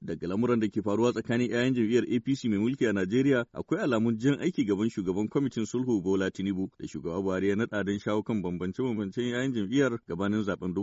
daga lamuran da ke faruwa tsakanin 'ya'yan jam'iyyar apc mai mulki a najeriya akwai alamun jan aiki gaban shugaban kwamitin sulhu bola tinubu da shugaba buhari ya naɗa don shawo kan bambance-bambancen 'ya'yan jam'iyyar gabanin zaben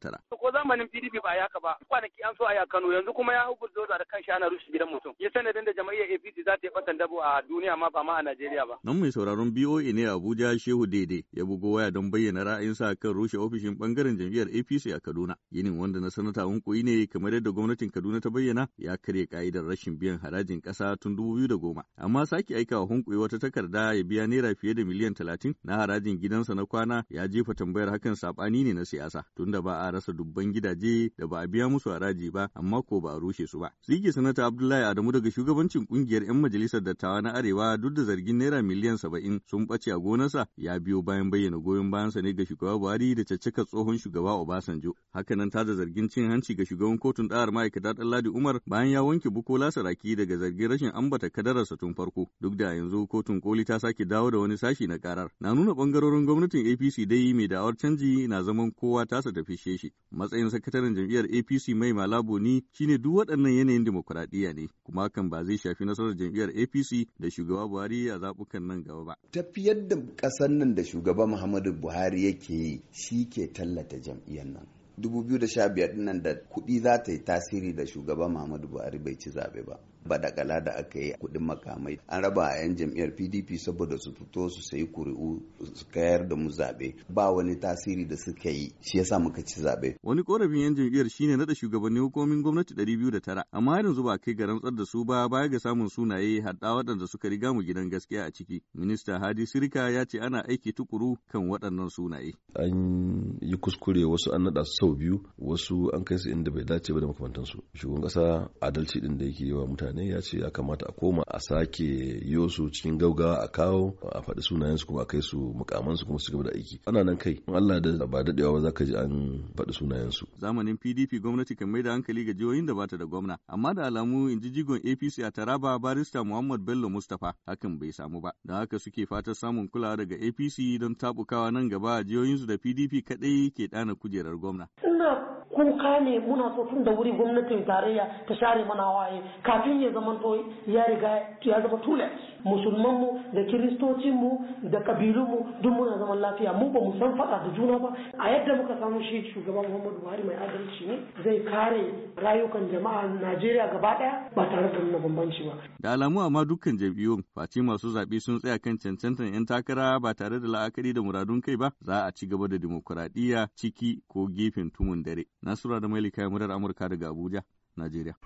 tara. zamanin PDP ba yaka ba kwanaki an so a ya Kano yanzu kuma ya hukur doza da kanshi ana rushe gidan mutum ya sanadin da jama'iyyar APC za ta yi batan dabo a duniya ma ba ma a Najeriya ba nan mai sauraron BOA ne Abuja Shehu Dede ya bugo waya don bayyana ra'ayin ra'ayinsa kan rushe ofishin bangaren jam'iyyar APC a Kaduna yinin wanda na sanata hunkuri ne kamar yadda gwamnatin Kaduna ta bayyana ya karya ka'idar rashin biyan harajin ƙasa tun 2010 amma sake aikawa hunkuri wata takarda ya biya naira fiye da miliyan 30 na harajin gidansa na kwana ya jefa tambayar hakan sabani ne na siyasa tunda ba a rasa dubbai tsofaffin gidaje da ba a biya musu haraji ba amma ko ba a rushe su ba. Sigi sanata Abdullahi Adamu daga shugabancin kungiyar 'yan majalisar dattawa na Arewa duk da zargin naira miliyan saba'in sun ɓace a gonarsa ya biyo bayan bayyana goyon bayansa ne ga shugaba Buhari da caccakar tsohon shugaba Obasanjo. haka ta da zargin cin hanci ga shugaban kotun ɗahar ma'aikata Ɗanladi Umar bayan ya wanke Bukola Saraki daga zargin rashin ambata kadararsa tun farko. Duk da yanzu kotun koli ta sake dawo da wani sashi na karar. Na nuna ɓangarorin gwamnatin APC dai mai da'awar canji na zaman kowa tasa tafi shi. matsayin sakataren jam'iyyar APC mai malabo ni shine duk waɗannan yanayin demokuraɗiyya ne kuma hakan ba zai shafi nasarar jam'iyyar APC da shugaba Buhari a zaɓukan nan gaba ba. Tafiyar da ƙasar nan da shugaba Muhammadu Buhari yake yi shi ke tallata jam'iyyar nan. 2015 dinnan da kuɗi za ta yi tasiri da shugaban Muhammadu Buhari bai ci zaɓe ba. Badakala da aka yi kuɗin makamai an raba a 'yan jam'iyyar PDP saboda su fito su sayi kuri'u su kayar da mu zaɓe ba wani tasiri da suka yi shi yasa muka ci zaɓe. Wani korafin 'yan jam'iyyar shine naɗa shugabannin hukumomin gwamnati 209 amma yanzu ba kai ga rantsar da su ba baya ga samun sunaye haɗa waɗanda suka riga mu gidan gaskiya a ciki. Minista Hadi Sirika ya ce ana aiki tukuru kan waɗannan sunaye. An yi kuskure wasu an naɗa su sau biyu wasu an kai su inda bai dace ba da makamantansu shugaban kasa adalci din da yake yawa mutane ya ce ya kamata a koma a sake yiwu su cikin gaugawa a kawo a faɗi sunayen su kuma a kai su mukaman su kuma su gaba da aiki ana nan kai in Allah da ba dadewa ba zaka ji an faɗi sunayen su zamanin PDP gwamnati kan mai da hankali ga jihohin da bata da gwamna amma da alamu in ji jigon APC a Taraba barista Muhammad Bello mustafa hakan bai samu ba don haka suke fatan samun kulawa daga APC don tabukawa nan gaba jihohin su da PDP kadai ke dana kujerar gwamna ina kuka ne muna so tun da wuri gwamnatin tarayya ta share mana waye kafin ya zama to ya riga ya zama tule mu da kiristocin mu da kabilunmu duk muna zaman lafiya mu ba mu san faɗa da juna ba a yadda muka samu shi shugaban Muhammadu Buhari mai adalci ne zai kare rayukan jama'a Najeriya gaba ɗaya ba tare da nuna bambanci ba. Da alamu amma dukkan jam'iyyun face masu zaɓe sun tsaya kan cancantar 'yan takara ba tare da la'akari da muradun kai ba za a ci gaba da dimokuraɗiyya ciki ko gefen tumun dare. Nasura da Mailika Murar Amurka daga Abuja, Najeriya.